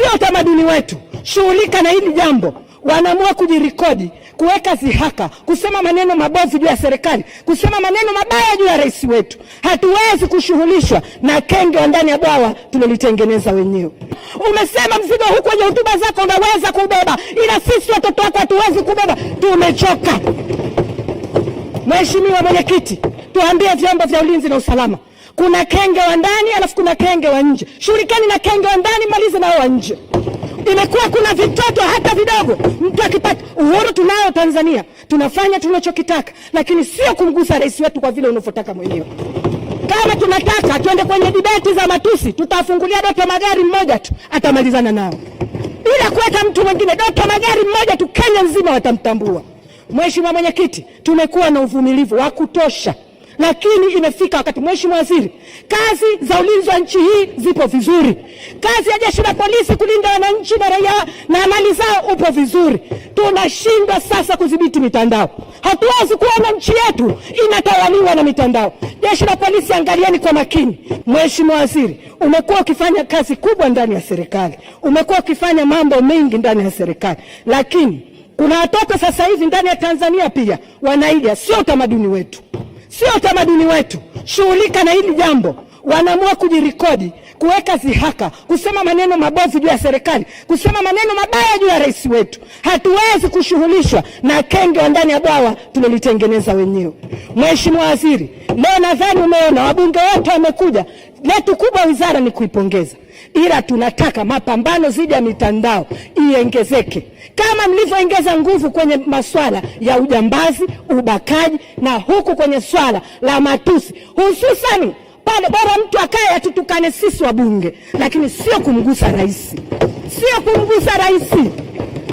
sio utamaduni wetu. Shughulika na hili jambo. Wanaamua kujirekodi, kuweka zihaka, kusema maneno mabovu juu ya serikali, kusema maneno mabaya juu ya rais wetu. Hatuwezi kushughulishwa na kenge wa ndani ya bwawa, tulilitengeneza wenyewe. Umesema mzigo huu kwenye hotuba zako unaweza kubeba, ila sisi watoto wako hatuwezi kubeba. Tumechoka. Mheshimiwa Mwenyekiti, tuambie vyombo vya ulinzi na usalama kuna kenge wa ndani alafu kuna kenge wa nje. Shughulikani na kenge wa ndani, malize nao wa nje. Imekuwa kuna vitoto hata vidogo, mtu akipata uhuru. Tunayo Tanzania, tunafanya tunachokitaka, lakini sio kumgusa rais wetu kwa vile unavyotaka mwenyewe. Kama tunataka tuende kwenye dibeti za matusi, tutafungulia Doto Magari mmoja tu atamalizana nao bila kuweka mtu mwingine. Doto Magari mmoja tu, Kenya nzima watamtambua. Mheshimiwa Mwenyekiti, tumekuwa na uvumilivu wa kutosha lakini imefika wakati, Mheshimiwa Waziri, kazi za ulinzi wa nchi hii zipo vizuri, kazi ya jeshi la polisi kulinda wananchi na raia na mali zao upo vizuri. Tunashindwa sasa kudhibiti mitandao, hatuwezi kuona nchi yetu inatawaliwa na mitandao. Jeshi la polisi, angalieni kwa makini. Mheshimiwa Waziri, umekuwa ukifanya kazi kubwa ndani ya serikali, umekuwa ukifanya mambo mengi ndani ya serikali, lakini kuna watoto sasa hivi ndani ya Tanzania pia wanaiga, sio utamaduni wetu sio utamaduni wetu. Shughulika na hili jambo wanaamua kujirikodi kuweka zihaka, kusema maneno mabovu juu ya serikali, kusema maneno mabaya juu ya rais wetu. Hatuwezi kushughulishwa na kenge wa ndani ya bwawa tulilitengeneza wenyewe. Mheshimiwa Waziri, leo nadhani umeona wabunge wote wamekuja. Letu kubwa wizara ni kuipongeza, ila tunataka mapambano dhidi ya mitandao iongezeke kama mlivyoongeza nguvu kwenye masuala ya ujambazi, ubakaji na huku kwenye swala la matusi hususani pale, bora mtu akae atutukane sisi wabunge, lakini sio kumgusa rais, sio kumgusa rais.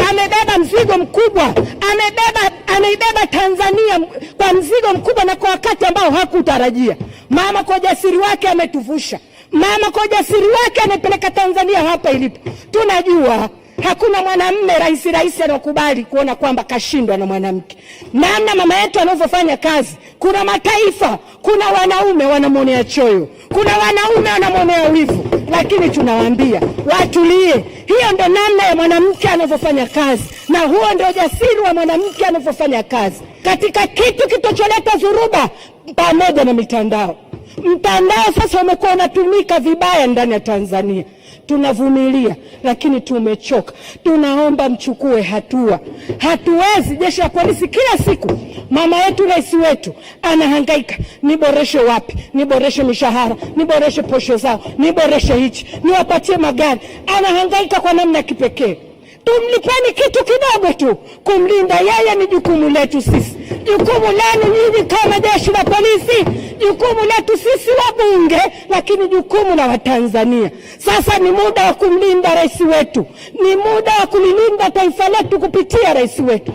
Amebeba mzigo mkubwa, amebeba ameibeba Tanzania kwa mzigo mkubwa na kwa wakati ambao hakutarajia. Mama kwa ujasiri wake ametuvusha, mama kwa ujasiri wake amepeleka Tanzania hapa ilipo, tunajua Hakuna mwanamme rais rais anakubali kuona kwamba kashindwa na mwanamke. Namna mama yetu anavyofanya kazi, kuna mataifa, kuna wanaume wanamwonea choyo, kuna wanaume wanamwonea wivu, lakini tunawaambia watulie. Hiyo ndo namna ya mwanamke anavyofanya kazi, na huo ndio ujasiri wa mwanamke anavyofanya kazi katika kitu kitocholeta dhuruba pamoja na mitandao. Mtandao sasa umekuwa unatumika vibaya ndani ya Tanzania tunavumilia, lakini tumechoka. Tunaomba mchukue hatua. Hatuwezi jeshi la polisi kila siku, mama yetu rais wetu anahangaika, niboreshe wapi? Niboreshe mishahara, niboreshe posho zao, niboreshe hichi, niwapatie magari. Anahangaika kwa namna ya kipekee. Tumlipeni kitu kidogo tu. Kumlinda yeye ni jukumu letu sisi. Jukumu lenu nyinyi kama jeshi la polisi jukumu letu sisi wabunge, lakini jukumu la Watanzania. Sasa ni muda wa kumlinda rais wetu, ni muda wa kulilinda taifa letu kupitia rais wetu.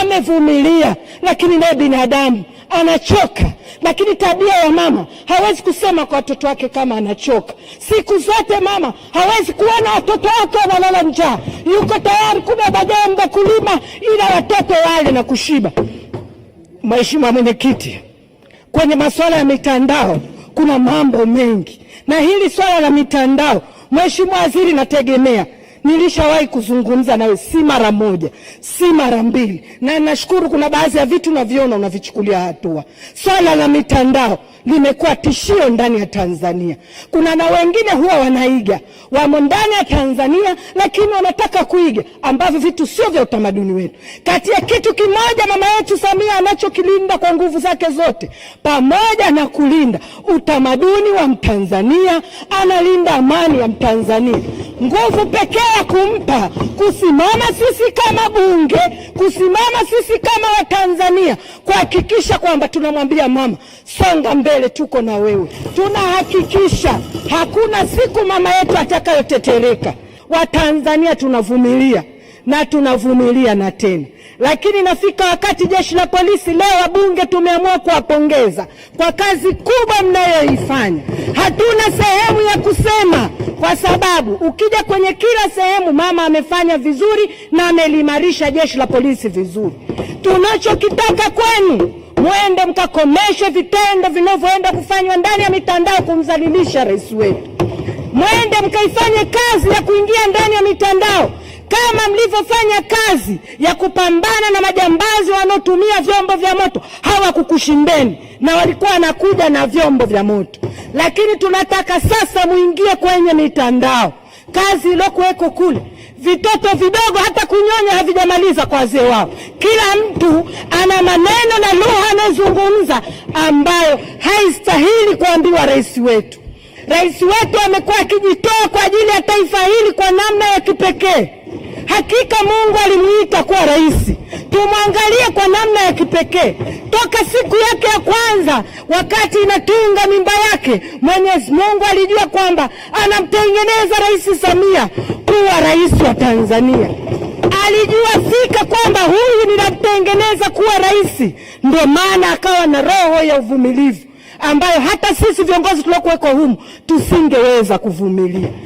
Amevumilia, lakini naye binadamu anachoka lakini tabia ya mama hawezi kusema kwa watoto wake kama anachoka. Siku zote mama hawezi kuona watoto wake wanalala njaa, yuko tayari kubeba jembe kulima, ila watoto wale na kushiba. Mheshimiwa Mwenyekiti kwenye masuala ya mitandao kuna mambo mengi, na hili swala la mitandao, Mheshimiwa Waziri, nategemea nilishawahi kuzungumza nawe si mara moja si mara mbili, na nashukuru kuna baadhi ya vitu unaviona unavichukulia hatua. Swala la mitandao limekuwa tishio ndani ya Tanzania. Kuna na wengine huwa wanaiga, wamo ndani ya Tanzania lakini wanataka kuiga ambavyo vitu sio vya utamaduni wetu. Kati ya kitu kimoja mama yetu Samia anachokilinda kwa nguvu zake zote, pamoja na kulinda utamaduni wa Mtanzania, analinda amani ya Mtanzania. Nguvu pekee ya kumpa kusimama sisi kama bunge kusimama sisi kama Watanzania kuhakikisha kwamba tunamwambia mama, songa mbele, tuko na wewe. Tunahakikisha hakuna siku mama yetu atakayotetereka. Watanzania tunavumilia na tunavumilia na tena, lakini nafika wakati jeshi la polisi. Leo wabunge tumeamua kuwapongeza kwa kazi kubwa mnayoifanya. Hatuna sehemu ya kusema kwa sababu ukija kwenye kila sehemu mama amefanya vizuri na ameliimarisha jeshi la polisi vizuri. Tunachokitaka kwenu mwende mkakomeshe vitendo vinavyoenda kufanywa ndani ya mitandao kumdhalilisha rais wetu. Mwende mkaifanye kazi ya kuingia ndani ya mitandao kama mlivyofanya kazi ya kupambana na majambazi wanaotumia vyombo vya moto. Hawakukushindeni na walikuwa wanakuja na vyombo vya moto lakini tunataka sasa muingie kwenye mitandao. Kazi iliyokuweko kule, vitoto vidogo hata kunyonya havijamaliza kwa wazee wao. Kila mtu ana maneno na lugha anayozungumza ambayo haistahili kuambiwa rais wetu. Rais wetu amekuwa akijitoa kwa ajili ya taifa hili kwa namna ya kipekee. Hakika Mungu alimuita kuwa rais. Tumwangalie kwa namna ya kipekee toka siku yake ya kwanza, wakati inatunga mimba yake, Mwenyezi Mungu alijua kwamba anamtengeneza Rais Samia kuwa rais wa Tanzania. Alijua fika kwamba huyu ninamtengeneza kuwa rais, ndio maana akawa na roho ya uvumilivu ambayo hata sisi viongozi tuliokuwekwa humu tusingeweza kuvumilia.